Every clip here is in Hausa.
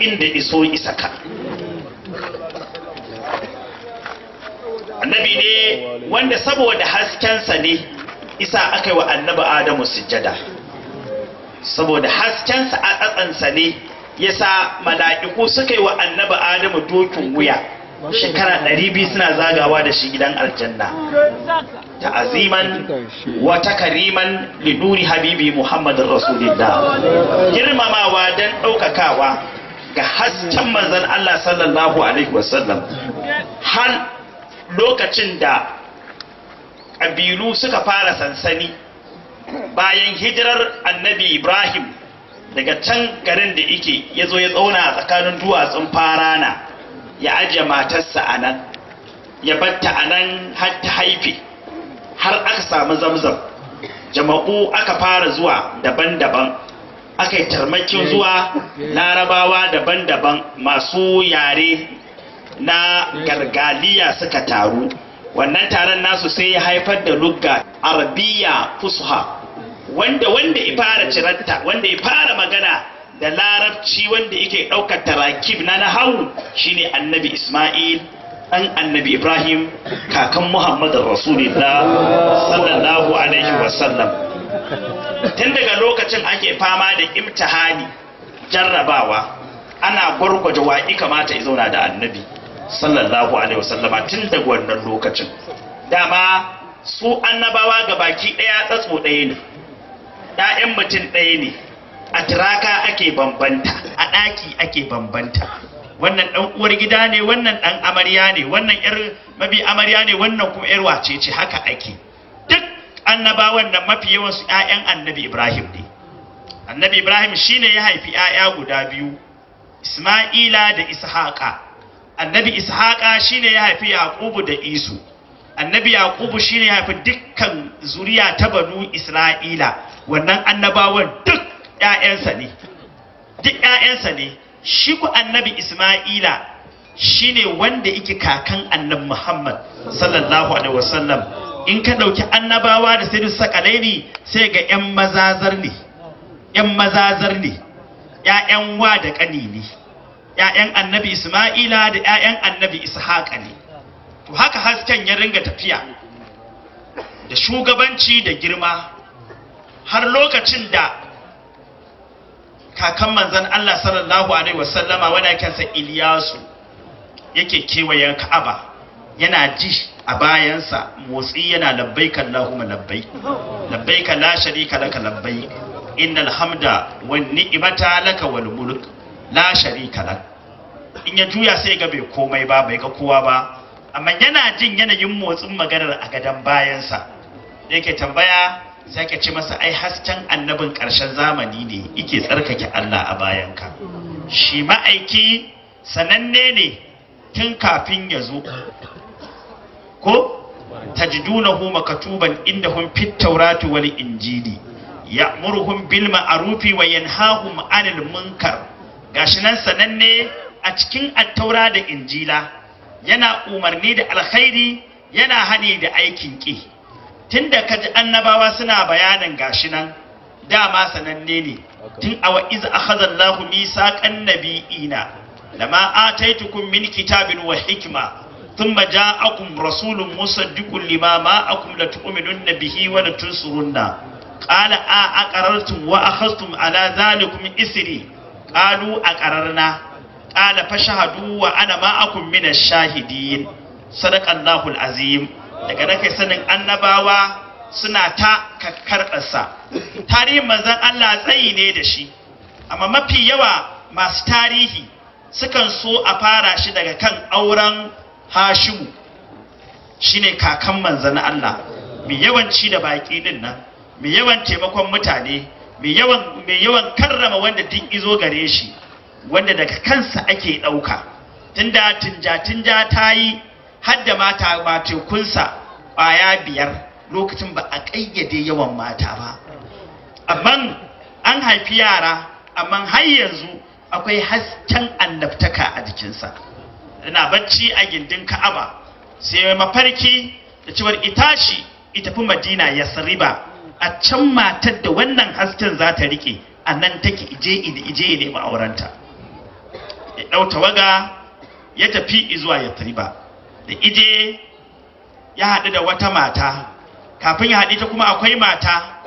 in inda iso isa ka annabi ne wanda saboda haskensa ne isa aka yi wa annabi adamu sujjada saboda haskensa a tsatsansa ne ya sa mala'iku suka yi wa annabi adamu dokin wuya shekara ɗari 200 suna zagawa da shi gidan aljanna ta aziman wata kariman liduri habibi muhammadin rasulillah girmamawa don ɗaukakawa ga hasken manzan Allah sallallahu alaihi wasallam har lokacin da ƙabilu suka fara sansani bayan hijirar annabi Ibrahim daga can garin da yake ya zo ya tsauna a tsakanin duwatsun farana ya ajiye matarsa a nan ya batta a nan har ta haife har aka samu zamzam jama'u aka fara zuwa daban-daban aka yi tarmakin zuwa larabawa daban-daban masu yare na gargaliya suka taru wannan taron nasu sai ya haifar da lugga arabiya fusha wanda wanda ya fara ciranta wanda ya fara magana da larabci wanda yake ɗaukar tarakib na nahawu shine annabi isma'il ɗan annabi ibrahim kakan muhammadin rasulullah sallallahu alaihi wasallam tun daga lokacin ake fama da imtihani jarrabawa ana gwargwaje waƙi kamata ya zauna da annabi sallallahu alaihi wasallama tun daga wannan lokacin dama su annabawa ga baki ɗaya tsatso ɗaya ne ɗayan mutum ɗaya ne a tiraka ake bambanta a ɗaki ake bambanta wannan ɗan uwar gida ne wannan ɗan amarya ne wannan ƴar mabi amarya ne wannan kuma ƴar wace ce haka ake annabawan nan mafi yawan su ƴaƴan annabi Ibrahim ne annabi Ibrahim shine ya haifi ƴaƴa guda biyu Isma'ila da Ishaqa annabi Ishaqa shine ya haifi Yaqubu da Isu annabi Yaqubu shine ya haifi dukkan zuriya ta banu Isra'ila wannan annabawan duk ƴaƴansa ne duk ƴaƴansa ne shi ku annabi Isma'ila shine wanda yake kakan annabi Muhammad sallallahu alaihi wasallam in ka ɗauki annabawa da sai dusa kalaini sai ga 'yan mazazar ne 'yan mazazar ne 'ya'yan wa da ƙani ne 'ya'yan annabi isma'ila da 'ya'yan annabi ishaƙa ne to haka hasken ya ringa tafiya da shugabanci da girma har lokacin da kakan manzan Allah sallallahu alaihi wasallama wani kansa Iliyasu yake kewayen Ka'aba yana ji a bayansa motsi yana labbaika Allahumma labbai ka la sharika laka labbai innal hamda wan ni'mata laka wal mulk la sharika lak in ya juya sai ga bai komai ba bai ga kowa ba amma yana jin yanayin motsin maganar a gadan bayansa yake tambaya sai ka ce masa ai hasken annabin ƙarshen zamani ne yake tsarkake Allah a bayanka shi ma'aiki sananne ne tun kafin ya zo ko tajidunahu makatuban indahum fit tawrati wal injili ya'muruhum bil ma'rufi wa yanhahum 'anil munkar gashi nan sananne a cikin attaura da injila yana umarni da alkhairi yana hani da aikin ki tunda kaji annabawa suna bayanin gashi nan dama sananne ne tun a wa'iz akhadha Allahu misaqan nabiyina lama ataitukum min kitabin wa hikma thumma ja'akum rasulun musaddiqun lima ma'akum la tu'minunna bihi wa la tunsurunna qala a aqarartum wa akhadhtum ala dhalikum isri qalu aqararna qala fashhadu wa ana ma'akum min ash-shahidin sadaqallahu al-azim daga nake sanin annabawa suna ta karkarsa tarihin mazan Allah tsayi ne da shi amma mafi yawa masu tarihi sukan so a fara shi daga kan auren hashimu shine kakan manzan Allah mai yawan ci da baki din nan mai yawan taimakon mutane mai yawan mai yawan karrama wanda din izo gare shi wanda daga kansa ake ɗauka tunda tinja tinja ta yi hadda mata ba tekunsa baya biyar lokacin ba a ƙayyade yawan mata ba amma an haifi yara amma har yanzu akwai hasken annabtaka a jikinsa na bacci a gindin ka'aba sai mafarki da cewar itashi ita fi madina ya a can matar da wannan hasken za ta rike a nan take ije ije ne ma'auranta ya ɗau tawaga ya tafi zuwa ya da ije ya haɗu da wata mata kafin ya haɗu ta kuma akwai mata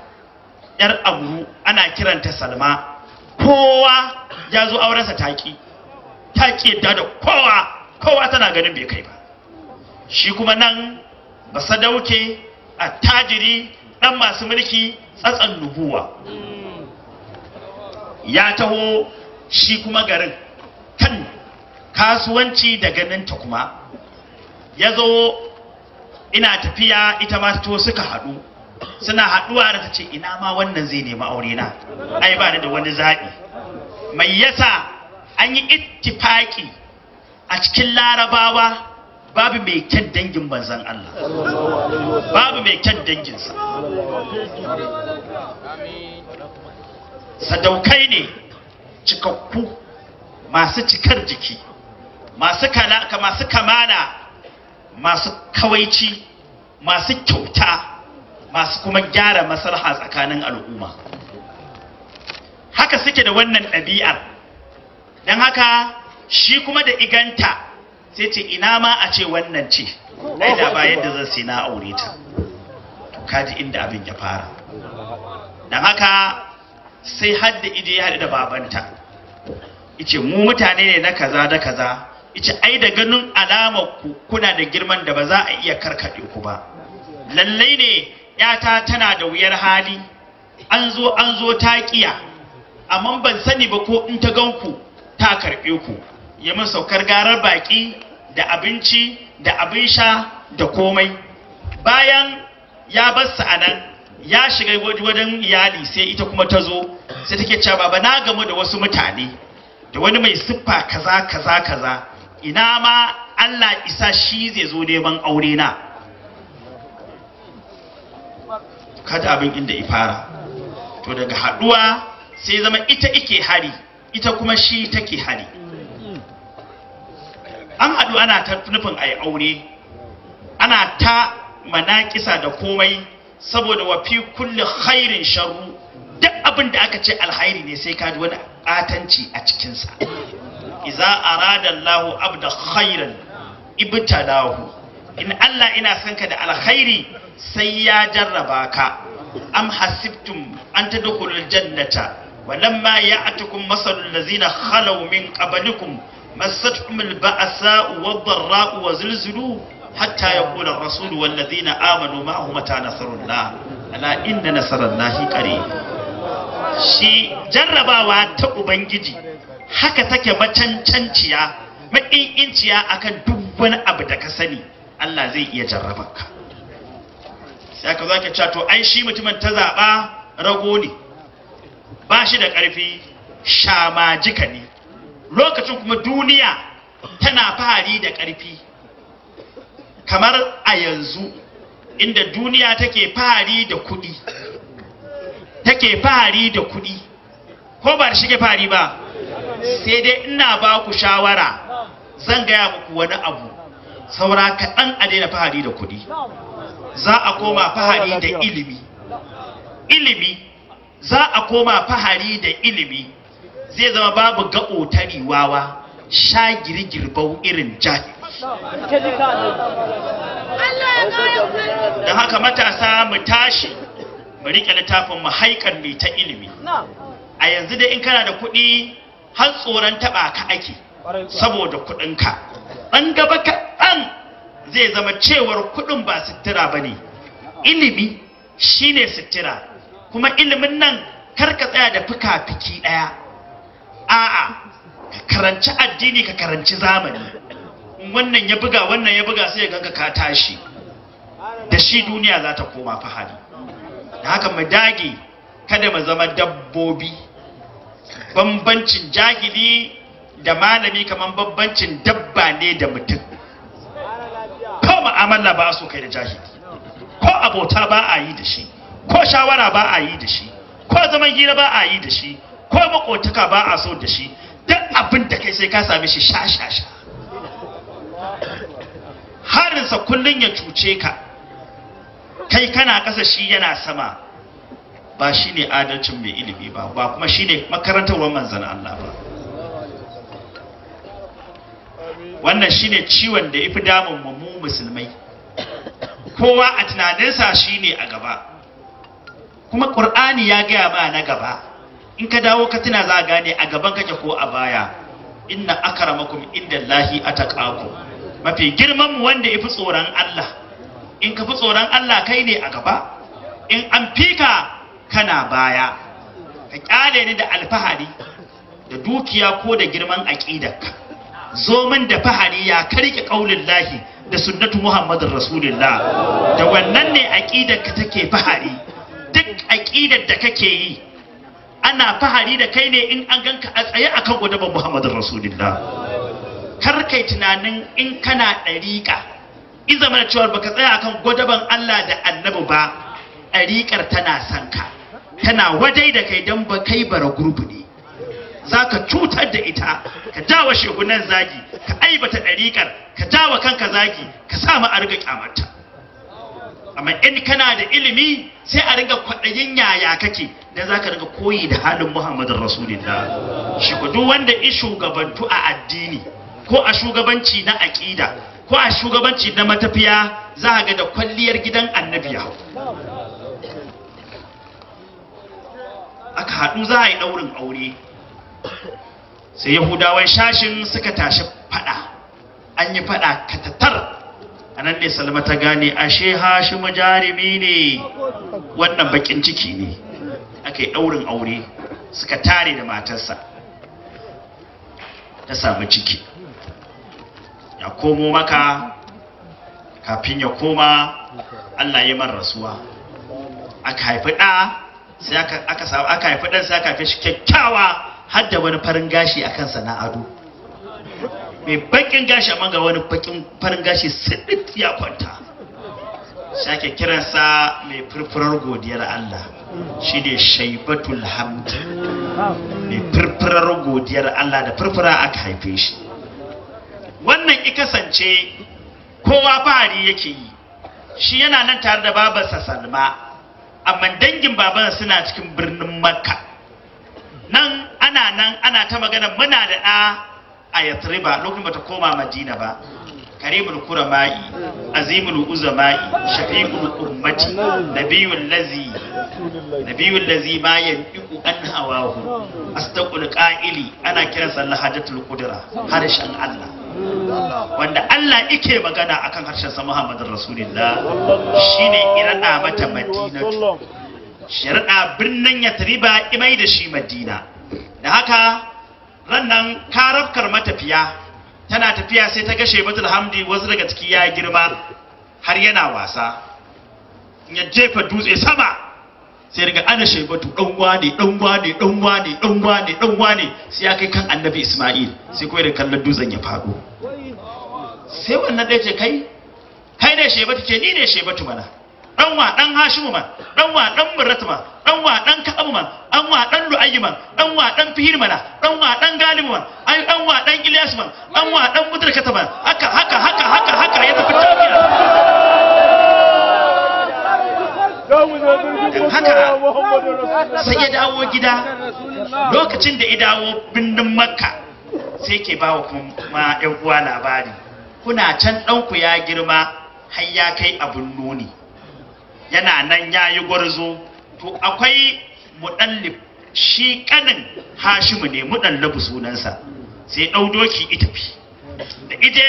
yar abu ana kiranta salma kowa ya zo aurensa taƙi taƙi yadda da kowa kowa tana ganin bai kai ba shi kuma nan ba sadauke attajiri dan masu mulki tsatsan nubuwa ya taho shi kuma garin kan kasuwanci da ganinta kuma ya zo ina tafiya ita ma ta suka haɗu suna haɗuwa da ta ce ina ma wannan zai nemi aure na ai ba da wani zaɓi mai yasa an yi ittifaki a cikin larabawa babu mai kyan dangin manzan Allah babu mai kyan danginsa sadaukai ne cikakku masu cikar jiki masu kalaka masu kamala masu kawaici masu kyauta masu kuma gyara masalha tsakanin al'umma haka suke da wannan ɗabi'ar don haka shi kuma da iganta sai ce ina ma a ce wannan ce ai da ba yadda zan sai na aure ta to kaji inda abin ya fara dan haka sai hadda ije ya hadu da babanta ice mu mutane ne na kaza da kaza ice ai da ganin alamar ku kuna da girman da ba za a iya karkaɗe ku ba lallai ne yata tana da wuyar hali an zo an zo ta kiya amma ban sani ba ko in ta gan ku ta karɓe ku ya min saukar garar baƙi da abinci da abin sha da komai bayan ya bar anan, ya shiga wajen iyali sai ita kuma ta zo sai take cewa baba na gamu da wasu mutane da wani mai siffa kaza kaza kaza ina ma Allah isa shi zai zo neman aure na kada abin inda ifara to daga haduwa sai zama ita ike hari ita kuma shi take hari an haɗu ana ta nufin a yi aure ana ta manaƙisa da komai saboda wafi kulle hairin khairin sharru duk abin da aka ce alhairi ne sai ka ji wani ƙatanci a cikinsa iza arada Allahu abda khairan lahu. in Allah ina son ka da alkhairi sai ya jarraba ka am hasibtum an tadkhulul jannata walamma ya'tukum masalul na khalaw min qablikum مستهم البأساء والضراء وزلزلوا حتى يقول الرسول والذين آمنوا معه متى نصر الله ألا إن نصر الله قريب shi jarrabawa ta ubangiji haka take macancanciya maƙinƙinciya akan duk wani abu da ka sani Allah zai iya jarrabanka sai ka zaka cewa to ai shi mutumin ta zaɓa rago ne ba shi da ƙarfi shamajika ne lokacin kuma duniya tana fahari da ƙarfi kamar a yanzu inda duniya take fari da kuɗi take fari da kuɗi ko ba da shige fari ba sai dai ina ba ku shawara zan gaya muku wani abu saura kaɗan a daina fari da kuɗi za a koma fari da ilimi ilimi za a koma fahari da ilimi zai zama babu gaɓo ta riwawa sha girgirbau irin jahi don haka matasa mu tashi mu riƙe littafin mu haikar mai ta ilimi a yanzu dai in kana da kuɗi har tsoron taɓa ka ake saboda kuɗinka ɗan gaba kaɗan zai zama cewar kuɗin ba sutura ba ne ilimi shine sutura kuma ilimin nan kar ka tsaya da fuka-fiki ɗaya a'a ka karanci addini ka karanci zamani wannan ya buga wannan ya buga sai ya ganka ka tashi da shi duniya za ta koma fahari da haka mu dage kada mu zama dabbobi bambancin jahili da malami kamar bambancin dabba ne da mutum ko mu'amala ba su kai da jahili ko abota ba a yi da shi ko shawara ba a yi da shi ko zaman hira ba a yi da shi ko makotaka ba a so da shi duk abin da kai sai ka same shi sha sha sha harinsa kullum ya cuce ka kai kana ƙasa shi yana sama ba shi ne adalcin mai ilimi ba ba kuma shi ne makarantarwar manzan Allah ba wannan shi ne ciwon da ifi damun mu musulmai kowa a tunaninsa shi ne a gaba kuma ƙur'ani ya gaya ma na gaba in ka dawo ka tuna za a gane a gaban kake ko a baya inna akramakum indallahi ataqakum mafi girman mu wanda yafi tsoron Allah in ka fi tsoron Allah kai ne a gaba in an fika kana baya ka kyale ni da alfahari da dukiya ko da girman aqidarka zo min da fahari ya karki kaulin lahi da sunnatu muhammadin rasulullah da wannan ne aqidarka take fahari duk aqidar da kake yi ana fahari da kai ne in an ganka a tsaye akan gwadaban muhammadin rasulullah kar kai tunanin in kana ɗariƙa in zama da cewa baka tsaya akan gwadaban allah da annabi ba ɗariƙar tana sanka tana wadai da kai don ba kai bara gurbi ne za ka cutar da ita ka jawa shegunan zagi ka aibata ɗariƙar ka jawa kanka zagi ka sa ma a riga kyamarta amma in kana da ilimi sai a riga kwaɗayin yaya kake dan zaka riga koyi da halin muhammadu Rasulullah shi ku duk wanda ya shugabantu a addini ko a shugabanci na aƙida ko a shugabanci na matafiya za ga da kwalliyar gidan annabiya aka haɗu za a yi ɗaurin aure sai yahudawan shashin suka tashi faɗa an yi faɗa katatar anan nan ne salma ta gane ashe hashimu jarumi ne wannan bakin ciki ne aka yi ɗaurin aure suka tare da matarsa ta samu ciki ya komo maka kafin ya koma allah ya man rasuwa aka haifi ɗa sai aka haifi ɗan sai aka haifi shi kyakkyawa har da wani farin gashi a kansa na ado mai bakin gashi amma ga wani bakin farin gashi sidit ya kwanta shake kiransa mai furfurar godiyar Allah shi ne shaibatul hamd mai furfurar godiyar Allah da furfura aka haife shi wannan i kasance kowa fahari yake yi shi yana nan tare da babarsa salma amma dangin baban suna cikin birnin makka nan ana nan ana ta magana muna da ɗa a yatriba lokacin bata koma madina ba karimul kurama'i azimul uzama'i shafiqul ummati nabiyul lazi nabiyul lazi ma yantiqu an hawahu astaqul qa'ili ana kiransa lahajatul qudra harshen Allah wanda Allah ike magana akan harshen sa Muhammadur Rasulullah shine irada mata madinatu shirada birnin yatriba imai da shi madina da haka rannan karafkar matafiya tana tafiya sai ta gashe batul hamdi wasu daga ciki ya girma har yana wasa ya jefa dutse sama sai daga ana shaibatu ɗanwa ne ɗanwa ne ɗanwa ne ɗanwa ne ɗanwa ne sai ya kai kan annabi isma'il sai kuma da kallon dutsen ya faɗo sai wannan ɗaya ce kai kai ne shaibatu ce ni ne shaibatu mana ɗanwa wa dan hashimu ma ɗanwa wa murratu ma ɗanwa wa ka'abu ma an wa dan lu'ayyiman dan wa dan fihirmana dan wa dan galiman ay dan wa dan ilyasman dan wa dan mudrakataman haka haka haka haka haka ya tafi tafiya haka sai ya dawo gida lokacin da ya dawo birnin makka sai ke ba wa kuma yan uwa labari kuna can ɗanku ya girma har ya kai abun nuni yana nan ya yi gwarzo to akwai muɗallib shi kanin hashimu ne muɗallabu sunansa sai ɗau doki ita fi da ita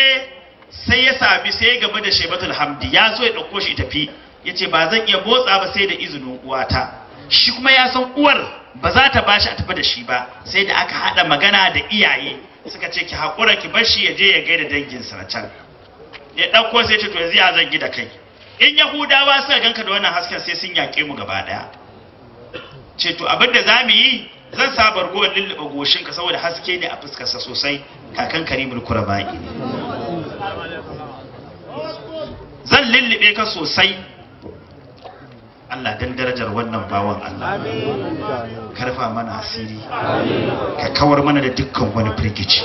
sai ya sami sai ya gaba da shebatul hamdi ya zo ya ɗauko shi tafi ya ce ba zan iya motsa ba sai da izinin uwata shi kuma ya san uwar ba za ta bashi a tafi da shi ba sai da aka haɗa magana da iyaye suka ce ki haƙura ki bar shi ya je ya gaida danginsa na can ya ɗauko sai ce to yanzu ya zan gida kai in yahudawa suka ganka da wannan hasken sai sun yaƙe mu gaba ɗaya ce to abin da za mu yi zan sa bargo goshin goshinka saboda haske ne a fuskarsa sosai kakan karimul kurabai zan lullube ka sosai Allah dan darajar wannan bawan Allah karfa mana asiri ka kawar mana da dukkan wani firgici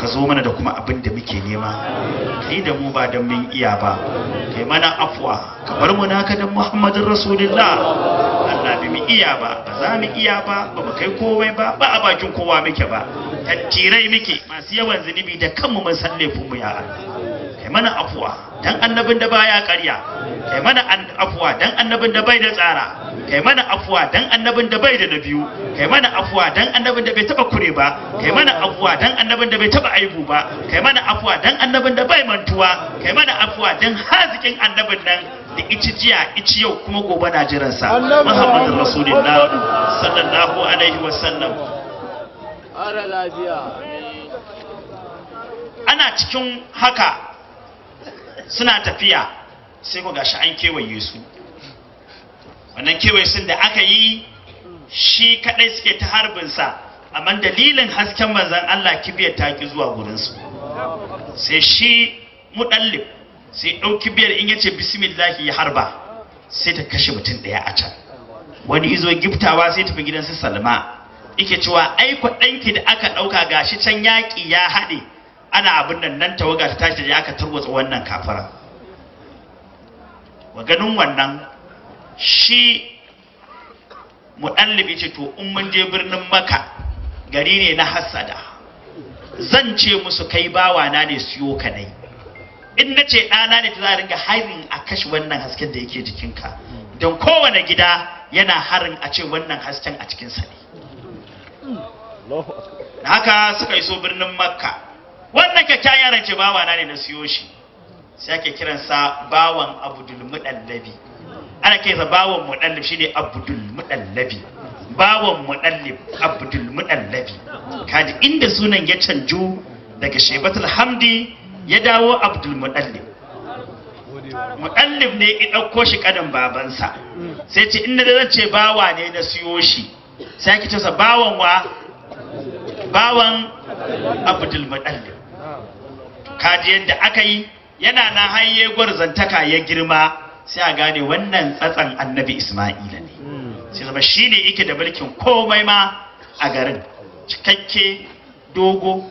ka zo mana da kuma abin da muke nema Ka yi da mu ba don mun iya ba kai mana afwa ka bar mu naka da Muhammadin Rasulullah Allah bi mu iya ba ba za mu iya ba ba mu kai komai ba ba a bakin kowa muke ba tattirai muke masu yawan zunubi da kanmu mun san mu ya Allah kai mana afuwa dan annabin da baya ƙarya kai mana afuwa dan annabin da bai da tsara kai mana afuwa dan annabin da bai da na biyu kai mana afuwa dan annabin da bai taba kure ba kai mana afuwa dan annabin da bai taba aibu ba kai mana afuwa dan annabin da bai mantuwa kai mana afuwa dan hazikin annabin nan da ici jiya ici yau kuma gobe na jiran sa muhammadin rasulullah sallallahu alaihi wasallam ana cikin haka suna tafiya sai ku gashi an kewaye su wannan kewaye sun da aka yi shi kadai suke ta harbin sa amma dalilin hasken manzan Allah kibiyar ta ki zuwa su sai shi mudallib sai ɗauki biyar in yace bismillahi ya harba sai ta kashe mutum ɗaya a can wani izo giftawa sai tafi gidan su salma Ike cewa ai ɗanki da aka ɗauka gashi can yaƙi ya haɗe ana abin nan nan tawaga ta tashi da aka tarwatsa wannan kafara wa wannan shi muɗallibi ce to in mun je birnin maka gari ne na hassada zan ce musu kai bawa na ne siyo ka in na ce ɗana ne ta za a ringa harin a kashe wannan hasken da yake jikinka don kowane gida yana harin a ce wannan hasken a cikinsa ne da haka suka iso birnin makka wannan kyakkyawan yaran ce bawa na ne na siyo shi sai ake kiransa bawan abdul mudallabi ana sa bawan mudallib shine abdul mudallabi bawan muɗallabi abdul mudallabi kaji inda sunan ya canju daga shebatul hamdi ya dawo abdul muɗallif muɗallib ne ya ɗauko shi ƙadan babansa sai ce inda da zan ce bawa ne na siyo shi sai ki tasa bawan wa bawan abdul ka kaji yadda aka yi yana na hanye zantaka ya girma sai a gane wannan tsatsan annabi isma'ila ne sai zama shi ne yake da mulkin komai ma a garin cikakke dogo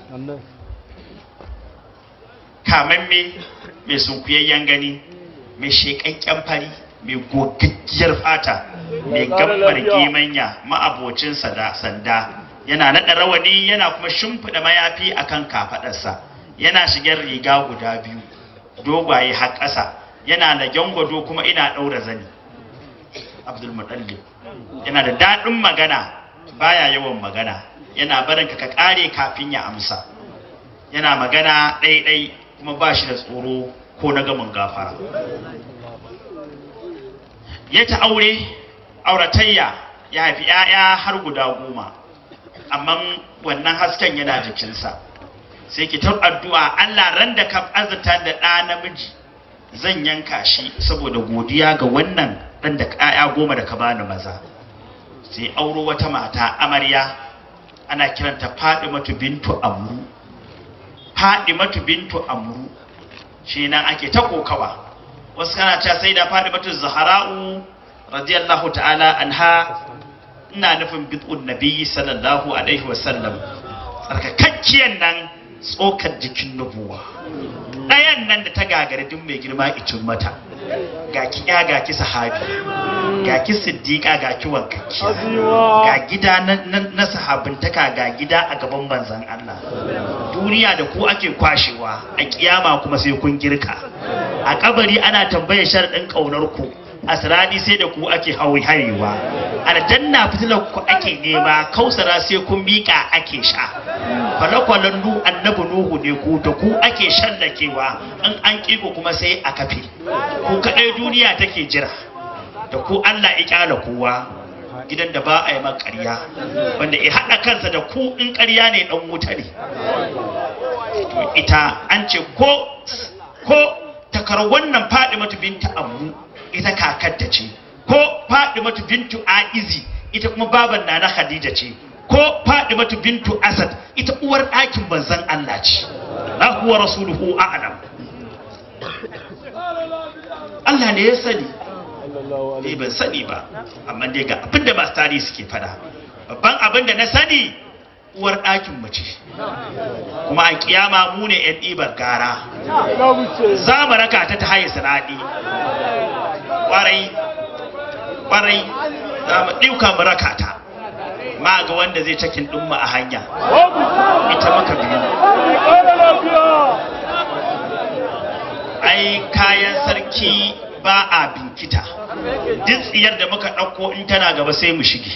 kamamme mai sunkuyayyen gani mai shekakken fari mai gogaggiyar fata mai gambar gemanya ma'abocin sanda yana naɗa rawani yana kuma shimfiɗa mayafi akan kafaɗarsa yana shigar riga guda biyu dogaye har ƙasa yana da gwado kuma ina ɗaura zani abdul yana da daɗin magana baya yawan magana yana barinka ka ƙare kafin ya amsa yana magana ɗaiɗai kuma ba shi da tsoro ko na gamin gafara ya ta aure auratayya ya haifi 'ya'ya har guda goma amma wannan hasken yana jikinsa sai ki ta addu'a Allah ran da ka azurta da ɗa namiji zan yanka shi saboda godiya ga wannan ɗan da 'ya'ya goma da ka bani maza sai auro wata mata amarya ana kiranta matu bintu Amru fadimatu bintu amru shi nan ake ta kokawa wasu kana cewa sai da fadimatu Zahra'u radiyallahu ta'ala anha ina nufin bid'un nabiyyi sallallahu alaihi wasallam tsarkakakkiyan nan tsokar jikin nubuwa ɗayan nan da ta gagari duk mai girma icin mata ga ki ya ga ki sahabi ga ki siddiƙa ga ki wankakki ga gida na sahabintaka ga gida a gaban manzon Allah duniya da ku ake kwashewa a kiyama kuma sai kun girka a kabari ana tambayar sharaɗin ƙaunar ku asrani sai da ku ake hawi harewa aljanna fitilar ku ake nema kausara sai kun miƙa ake sha kwale-kwalen nu annabi nuhu ne ku da ku ake shallakewa in an ku kuma sai a kafe ku kaɗai duniya take jira da ku allah ikyala kowa gidan da ba a yi ƙarya wanda ya haɗa kansa da ku in ƙarya ne dan wuta ne ita an ce ko ko wannan faɗi mata binta abu ita kakar ta ce ko Fadimatu bintu Aizi ita kuma baban Nana Khadija ce ko Fadimatu bintu Asad ita uwar ɗakin banzan Allah ce Allahu wa rasuluhu a'lam Allah ne ya sani eh ban sani ba amma dai ga abinda masu tarihi suke fada babban abinda na sani uwar ɗakin mace kuma a kiyama mu ne yan ɗibar gara za mu raka ta ta haye sanadi kwarai kwarai za mu ɗauka mu raka ta ma ga wanda zai cakin ɗinmu a hanya ita maka biyu ai kayan sarki ba a binkita duk tsiyar da muka ɗauko in tana gaba sai mu shige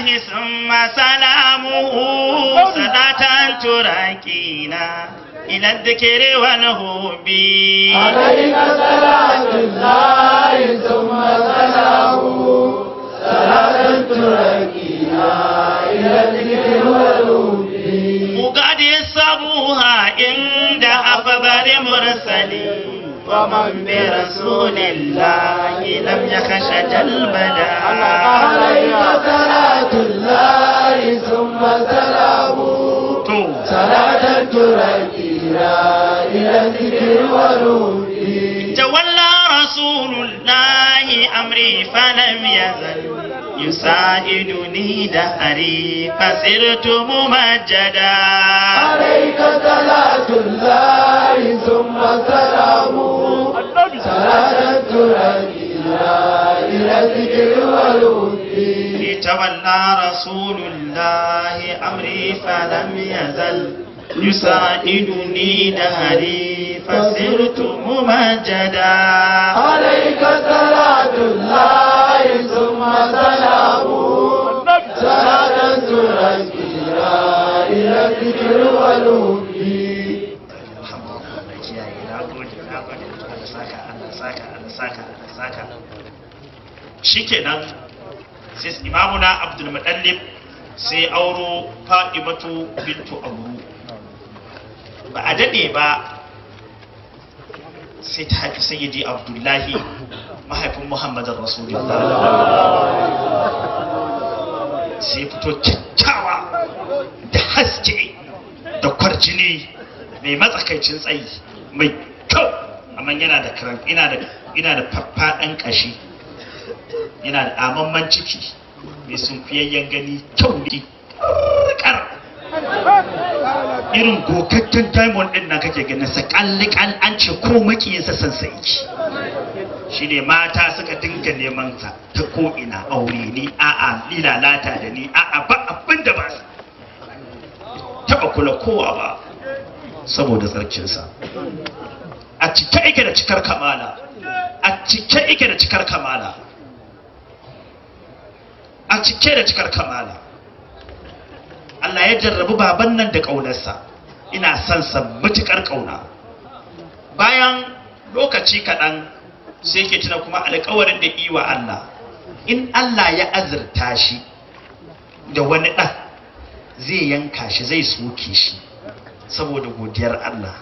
Na yi summa sanamu sanatan turakina, ina tukere wani hobi. Na yi kasan daɗi summa sanamu sanatan turakina, ina tukere wani hobi. Ku ga inda a faɗa ومن برسول الله لم يخش جلبنا عليك صلاة الله ثم سلامه صلاة تركينا إلى الذكر ونور تولى رسول الله أمري فلم يزل يساعدني دهري فسرت ممجدا عليك صلاة الله ثم سلامه صلاة رجلا إلى ذكر والودي تولى رسول الله أمري فلم يزل يساعدني دهري فسرت ممجدا عليك صلاة الله shikenan sai imamuna abdul mudallib sai auro matu bintu abu ba a dade ba sai ta haifi sayyidi abdullahi mahaifin muhammadin rasulullah sai fito kyakkyawa da haske da kwarjini mai matsakaicin tsayi mai kyau amma yana da ina da ina da faffaɗan ƙashi yana da amamman ciki mai sunkuyayyen gani kyauri kar irin gokakken diamond din nan kake ganin sa kallikal an ce ko makiyinsa san sai shi ne mata suka dinga neman ta ta ko ina aure ni a'a ni lalata da ni a'a ba abin da ba taba kula kowa ba saboda tsarkinsa a cike ike da cikar kamala a cike ike da cikar kamala a cike da cikar kamala Allah ya jarrabu baban nan da ƙaunarsa ina son sa mutukar ƙauna bayan lokaci kaɗan sai ke tuna kuma alƙawarin da iwa Allah in Allah ya azurta shi da wani ɗan zai yanka shi zai soke shi saboda godiyar Allah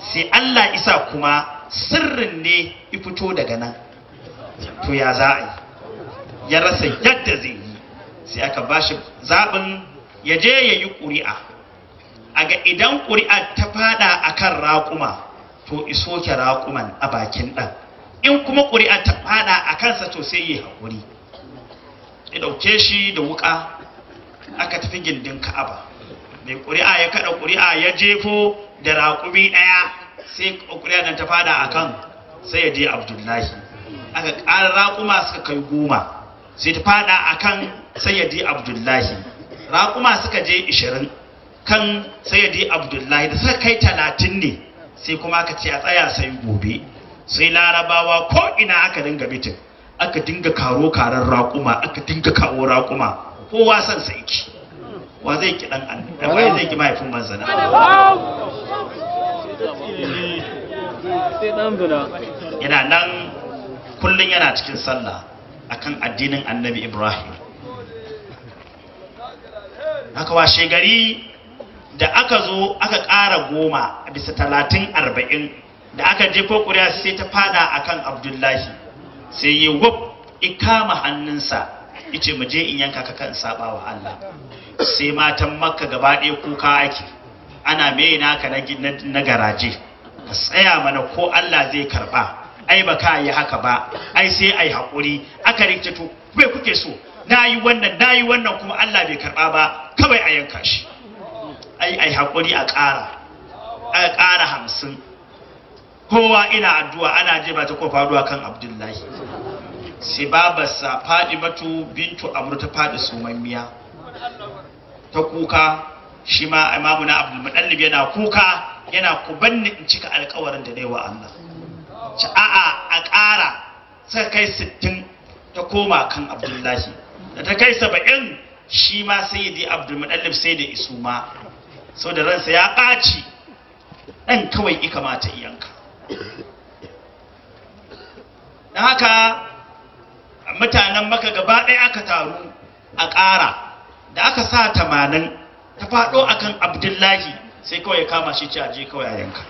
sai Allah isa kuma sirrin ne fito daga nan to ya za a yi ya rasa yadda zai yi sai aka ba shi zaɓin ya je ya yi ƙuri'a a ga idan ƙuri'a ta faɗa a kan raƙuma to iso ke raƙuman a bakin ɗan in kuma ƙuri'a ta faɗa a kansa to sai yi haƙuri ya ɗauke shi da wuƙa aka tafi gindin ka'aba mai ƙuri'a ya kaɗa ƙuri'a ya jefo da raƙumi ɗaya sai ƙuri'a nan ta faɗa a kan sai ya je abdullahi aka ƙara raƙuma suka kai goma sai ta faɗa a kan sayyadi abdullahi raƙuma suka je 20 kan sayyadi abdullahi da suka kai 30 ne sai kuma aka ce a tsaya sai gobe sai larabawa ko ina aka dinga mitin aka dinga karo karar raƙuma aka dinga kawo raƙuma kowa son sai ki wa zai ki dan annabi wa zai ki mahaifin manzana yana nan kullun yana cikin sallah akan addinin annabi ibrahim haka washe gari da aka zo aka ƙara goma a bisa talatin arba'in da aka jefo ƙuri'a sai ta fada a kan abdullahi sai yi wab ikama hannunsa ice mu je in yanka ka kan saba wa Allah sai matan makka gaba ɗaya kuka ake ana mai naka na garaje ka tsaya mana ko Allah zai karba ai ba ka yi haka ba ai sai ai haƙuri aka rikice to kuke so na yi wannan na yi wannan kuma Allah bai karɓa ba kawai a yanka shi ai ai haƙuri a ƙara a ƙara hamsin kowa ina addu'a ana je ba ta kofa kan abdullahi sai babarsa batu bintu amru ta faɗi sumammiya ta kuka shi ma imamu na abdulmuɗallib yana kuka yana ku in cika alƙawarin da dai wa Allah a'a a ƙara sai kai sittin ta koma kan abdullahi da ta kai saba'in shi ma sayyidi abdulmuɗallif sai da isu ma sau da ransa ya ɓaci ɗan kawai ika mata iyanka na haka mutanen maka gaba ɗaya aka taru a ƙara da aka sa tamanin ta faɗo akan abdullahi sai kawai ya kama shi caje kawai a yanka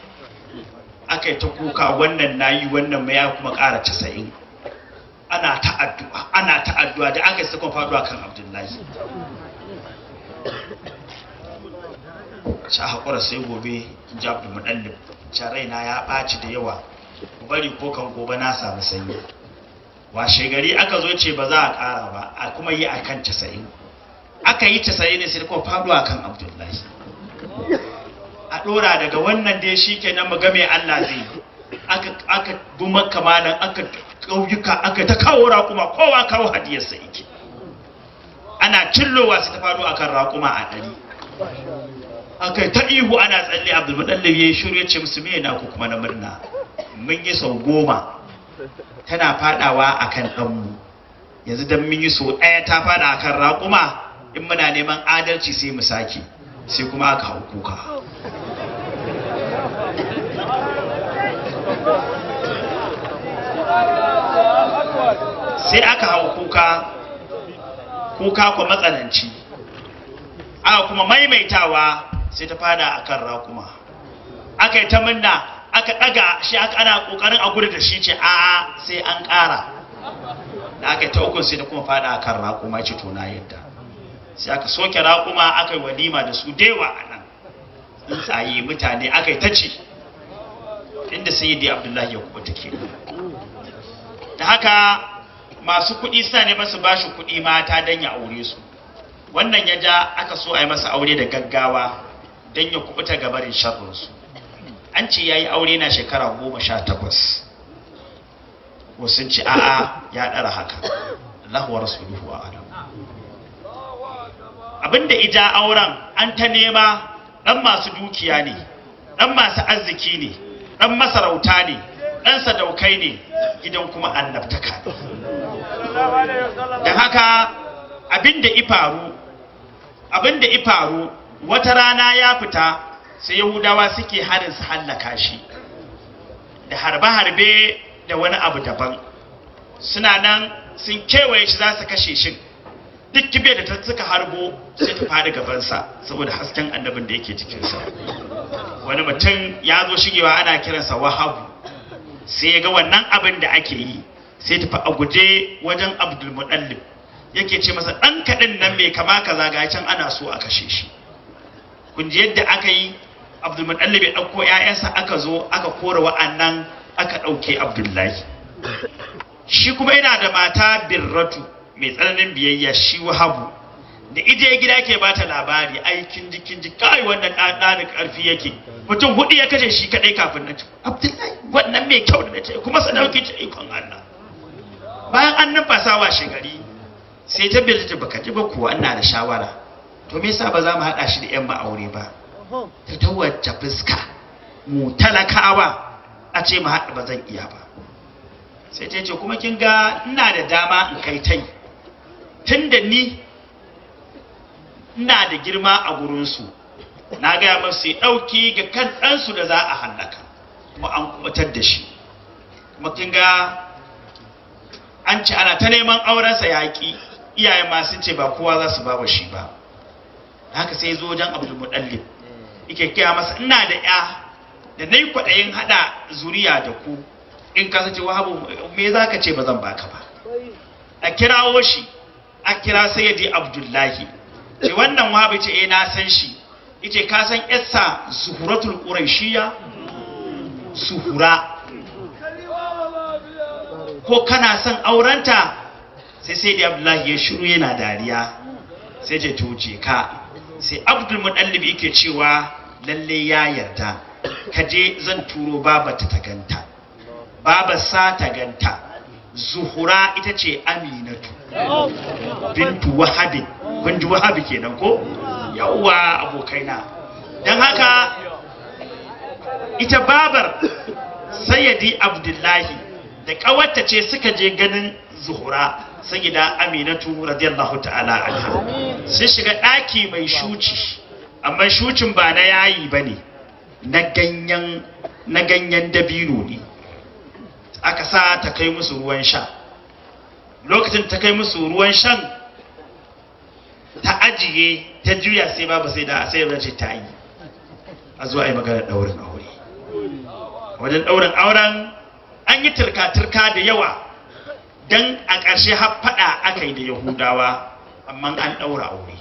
aka yi ta kuka wannan na yi wannan mai ya kuma ƙara casa'in ana ta addu'a ana ta addu'a da aka yi sakon a kan abdullahi sha haƙura sai gobe ji abdulmuɗallib can raina ya ɓaci da yawa bari ko kan gobe na samu sanyi washe gari aka zo ce ba za a ƙara ba a kuma yi a kan casa'in aka yi casa'in ne sai kuma a kan abdullahi a ɗora daga wannan dai shi kenan mu game allah zai aka bi makamanan aka ƙauyuka aka ta kawo raƙuma kowa kawo hadiyarsa yake ana cillowa su ta faru akan raƙuma a ɗari aka ta ihu ana tsalle abu da yi shiru ya ce musu mai na ku kuma na murna mun yi sau goma tana faɗawa akan ɗanmu yanzu don mun yi sau ɗaya ta faɗa kan raƙuma in muna neman adalci sai mu sake sai kuma aka hau kuka Thank you. sai aka hau kuka kuka kwa matsananci aka kuma maimaitawa sai ta fada a kan rakuma aka yi ta minna aka ɗaga shi aka ana ƙoƙarin a gudu da shi ce a sai an ƙara da aka yi ta hukun sai ta kuma fada a kan rakuma ce to na yadda sai aka soke rakuma aka yi walima da su dewa a nan tsaye mutane aka yi ta ce inda dai abdullahi ya kuma ke da haka masu kuɗi suna masu su bashi kuɗi mata don ya aure su wannan ya ja aka so a yi masa aure da gaggawa don ya kuɓuta gabarin sharrinsu an ce ya yi aure na shekara goma sha takwas wasu ci a'a ya ɗara haka lahuwar su duhu a adam abinda ija auren an ta nema ɗan masu dukiya ne ɗan masu arziki ne ɗan masarauta ne ɗan sadaukai ne gidan kuma annabtaka da haka abinda ifaru abinda ifaru wata rana ya fita sai yahudawa suke harin su hallaka shi da harbe-harbe da wani abu daban suna nan sun kewaye shi za su kashe shi duk kibe da ta suka harbo sai ta faɗi gabansa saboda hasken annabin da yake cikinsa wani mutum ya zo shigewa ana kiransa wahabu sai ya ga wannan abin da ake yi sai tafi a guje wajen Abdul abdulmuɗallib yake ce masa ɗan kaɗin nan mai kama kaza ga can ana so a kashe shi kun ji yadda aka yi Abdul abdulmuɗallib ya ɗauko ‘ya'yansa aka zo aka kora wa'annan aka ɗauke abdullahi shi kuma yana da mata birratu mai tsananin biyayya shi wahabu da ije gida ke bata labari ai kin ji kin ji kai wannan dan dan karfi yake mutum hudu ya kashe shi kadai kafin nan Abdullahi wannan mai kyau da nace kuma sadauki ce ikon Allah bayan an fasa wa gari sai ta bilta baka ji ba kuwa ina da shawara to me yasa ba za mu hada shi da yan ba aure ba ta tawace fuska mu talakawa a ce mu hada ba zan iya ba sai ta ce kuma kin ga ina da dama in kai tai tunda ni ina da girma a gurinsu na gaya masu yi ɗauki ga kan ɗansu da za a hallaka kuma an kubatar da shi kuma kin ga an ci ana ta neman aurensa yaƙi iyaye ma sun ce ba kowa za su ba wa shi ba haka sai zo wajen abdul Ike yake masa ina da ya da na yi kwaɗayin haɗa zuriya da ku in ka sace wahabu me za ka ce ba zan baka ba a kirawo shi a kira sayyidi abdullahi ce eh, wannan wabi ce eh na san shi yace ka san yassa zuhuratul qurayshiya zuhura ko kana son aurenta sai sai da abdullahi ya shiru yana dariya sai je to je ka sai abdul mudallib yake cewa lalle ya yarda ka je zan turo babata ta ganta baba ta ganta zuhura ita ce aminatu bintu wahabin kun ji wahabi kenan ko yawwa abokaina don haka ita babar sayyadi abdullahi da ƙawarta ce suka je ganin zuhura sayyida aminatu radiyallahu ta'ala anha sun shiga ɗaki mai shuci amma shucin ba na yayi ba ne na ganyen dabino ne aka sa ta kai musu ruwan sha lokacin ta kai musu ruwan shan ta ajiye ta juya sai babu sai da sai ya ce ta yi a zuwa yi magana ɗaurin aure wajen ɗaurin auren an yi turka-turka da yawa don a ƙarshe har faɗa aka yi da yahudawa amma an ɗaura aure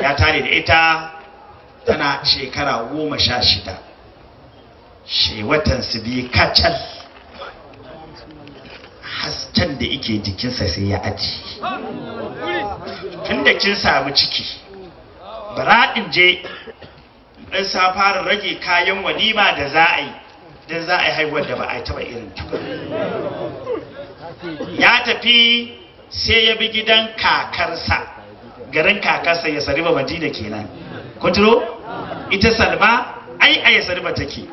ya tare da ita tana shekara goma sha shida shewatan watan su biyu kacal hasken da ike jikinsa sai ya ajiye. tunda kin samu ciki bara je dan sa fara rage kayan walima da za a yi dan za a yi haihuwar da ba a taba irin ta ya tafi sai ya bi gidan kakarsa garin kakarsa ya sariba madina kenan kuturo ita salma ai a ya sariba take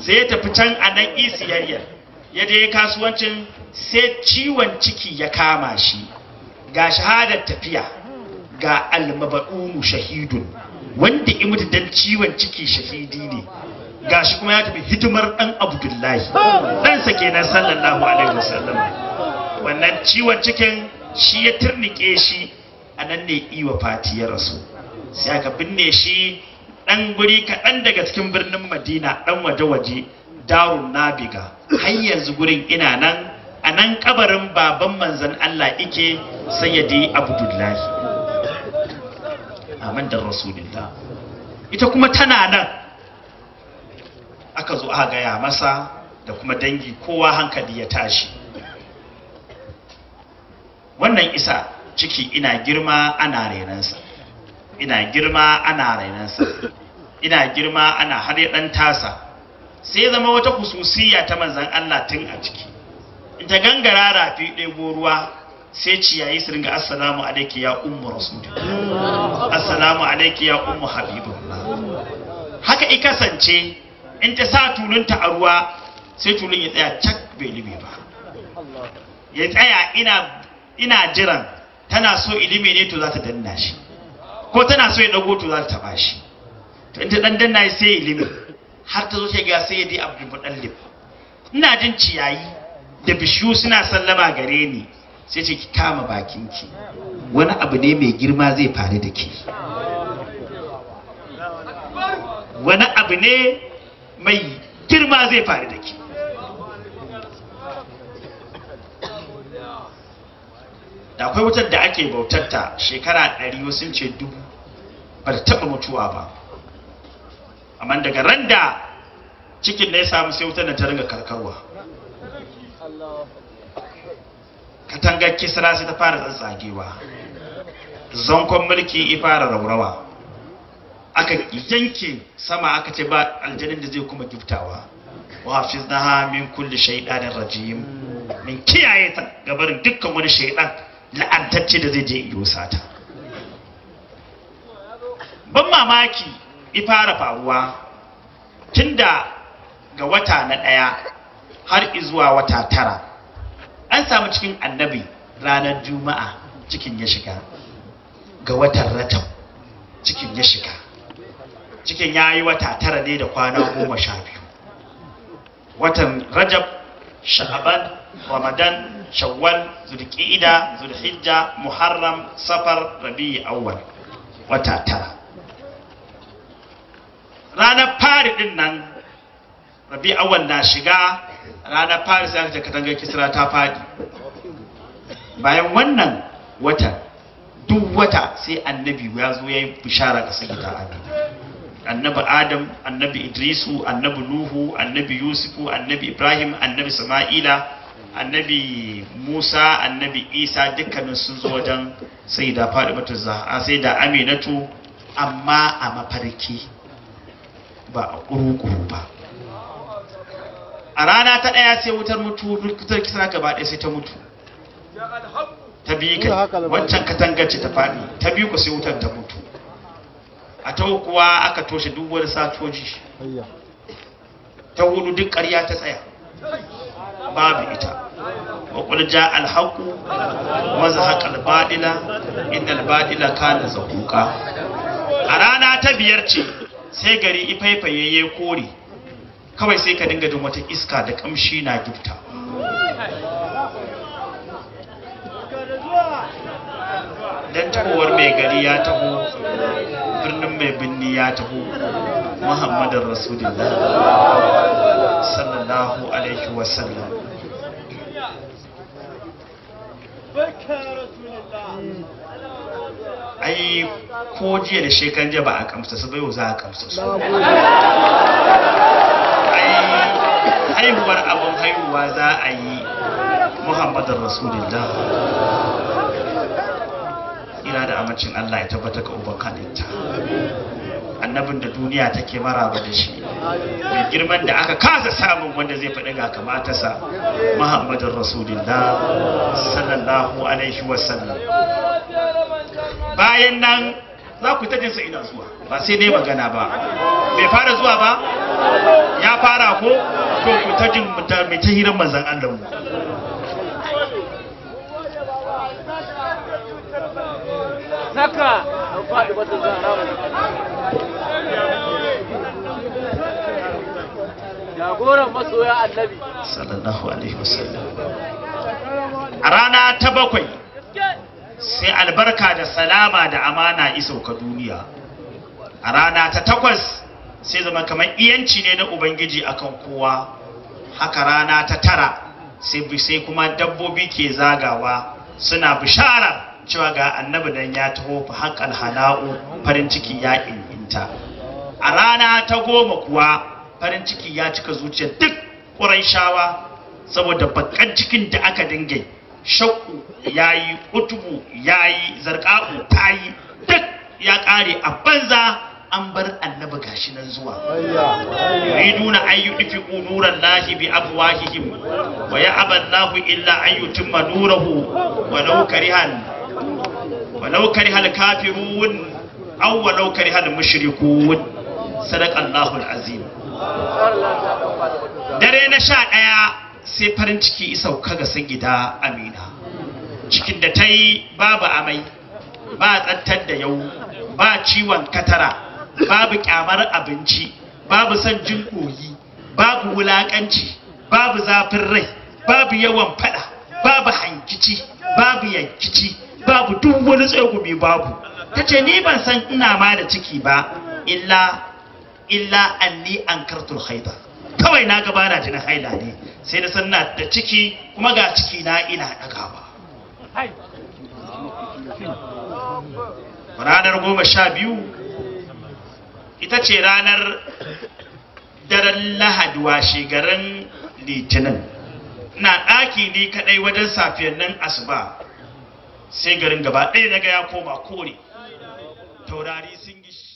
sai ya tafi can a nan isiyayya ya je kasuwancin sai ciwon ciki ya kama shi ga shahadar tafiya ga almaba'unu shahidun wanda mutu dan ciwon ciki shahidi ne ga shi kuma ya tafi hidimar dan abdullahi dan sake kenan sallallahu alaihi wasallam wannan ciwon cikin shi ya turnike shi a nan ne iwa fati ya rasu sai aka binne shi dan guri kaɗan daga cikin birnin madina dan waje-waje darun nabiga har yanzu gurin ina nan a nan kabarin baban manzon allah ike sayyadi abdullahi Aman da rasulinta ita kuma tana nan aka zo aka gaya masa da kuma dangi kowa hankali ya tashi wannan isa ciki ina girma ana renansa ina girma ana renansa ina girma ana har ya dan tasa sai zama wata kususiya ta manzan Allah tun a ciki ta gangara rafi ɗebo ruwa sai ciyayi su ringa assalamu alaiki ya ummu rasulullah assalamu alaiki ya ummu habibu haka i kasance in ta sa tulunta a ruwa sai tulun ya tsaya cak bai lime ba ya tsaya ina ina jiran tana so ilimi ne to za ta danna shi ko tana so ya dago to za ta taba shi to in ta dan danna sai ilimi har ta zo ta ga sai ya di abdul mutallib ina jin ciyayi da bishiyu suna sallama gare ni sai ce ki kama bakinki wani abu ne mai girma zai faru da ke wani abu ne mai girma zai faru da ke da akwai wutar da ake bautatta shekara ɗari wasu ce dubu ba ta taɓa mutuwa ba amma daga randa cikin na ya samu sai wutar da ta ringa karkarwa katangar kisra sai ta fara tsatsagewa zankon mulki ya fara raurawa aka yanke sama aka ce ba aljanin da zai kuma giftawa wa hafiz na ha min kulli shaidanin rajim min kiyaye ta gabar dukkan wani shaidan la'antacce da zai je yi sata ban mamaki i fara faruwa tunda ga wata na ɗaya har izuwa wata tara an samu cikin annabi ranar juma'a cikin ya shiga ga watan ratan cikin ya shiga cikin ya yi wata tara ne da kwana goma sha biyu watan rajab sha'aban ramadan shawwal zulqa'ida zulhijja muharram safar Rabi'u, awwal wata tara ranar fari din nan Rabi'u, awwal na shiga Rana faris za ta katangar kisra ta fadi bayan wannan wata duk wata sai annabi ya zo ya yi bishara ga sabita adam annabi adam annabi idrisu annabi nuhu annabi yusufu annabi ibrahim annabi sama'ila annabi musa annabi isa dukkanin sun zo wajen sayyida fadimatu zahra sai da aminatu amma a mafarki ba a ƙuruƙuru ba a rana ta ɗaya sai wutar mutu wutar kisa gaba ɗaya sai ta mutu ta biyu ka wancan katangar ce ta faɗi ta biyu ka sai wutar ta mutu a ta kuwa aka toshe duk wani satoji ta hudu duk ƙarya ta tsaya babu ita wa qul jaa al haqq wa zahaqa al ka innal batila zakuka a rana ta biyar ce sai gari ifaifayayye kore kawai sai ka dinga jin wata iska da kamshi na gifta dan tahowar mai gari ya taho birnin mai binni ya taho muhammadin rasulullah sallallahu alaihi wasallam ai ko jiya da shekan jiya ba a kamsa su yau za a kamsa su haihuwar abin haihuwa za a yi muhammadin rasulullah ina da amincin allah ya tabbata ga uban kanita annabin da duniya take maraba da shi mai girman da aka kasa samun wanda zai faɗi ga kamatarsa muhammadin rasulullah sallallahu alaihi wasallam bayan nan za ku tajin sa ina zuwa ba sai dai magana ba bai fara zuwa ba ya fara ko so ta jin mai ta hirar manzan Allah mu zaka jagoran masoya annabi sallallahu alaihi wasallam a rana ta bakwai sai albarka da salama da amana isauka duniya a rana ta takwas sai zama kamar iyanci ne na ubangiji akan kowa haka rana ta tara sai kuma dabbobi ke zagawa suna bishara cewa ga annabi dan ya taho fa haƙal hana'u farin ciki ya inginta a rana ta goma kuwa farin ciki ya cika zuciyar duk ƙuraishawa saboda bakan cikin da aka dinge shakku ya yi utubu ya yi zarƙa'u ta yi duk ya ƙare a banza an bar annabi gashi nan zuwa yuriduna an yudfiqu nuran lahi bi afwahihim wa ya'aba Allahu illa an yutimma nurahu walau karihan walau karihal kafirun aw walau karihal mushrikun sadaqa Allahu azim. dare na sha ɗaya sai farin ciki sauka ga gida amina cikin da ta yi babu amai ba tsantar da yau ba ciwon katara babu kyamar abinci babu son jin koyi babu wulakanci babu zafin rai babu yawan fada babu hankici babu yankici babu duk wani tsegumi babu ta ce ni ban san ina ma da ciki ba illa illa anni an kartul haida kawai na gaba na jinin haila ne sai na san na da ciki kuma ga ciki na ina ba. ranar goma sha biyu ita ce ranar daren lahadi washe garin litinin na ɗaki ne kaɗai wajen safiyar nan asuba sai garin gaba ɗaya na ga ya koma kore taurari sun gishi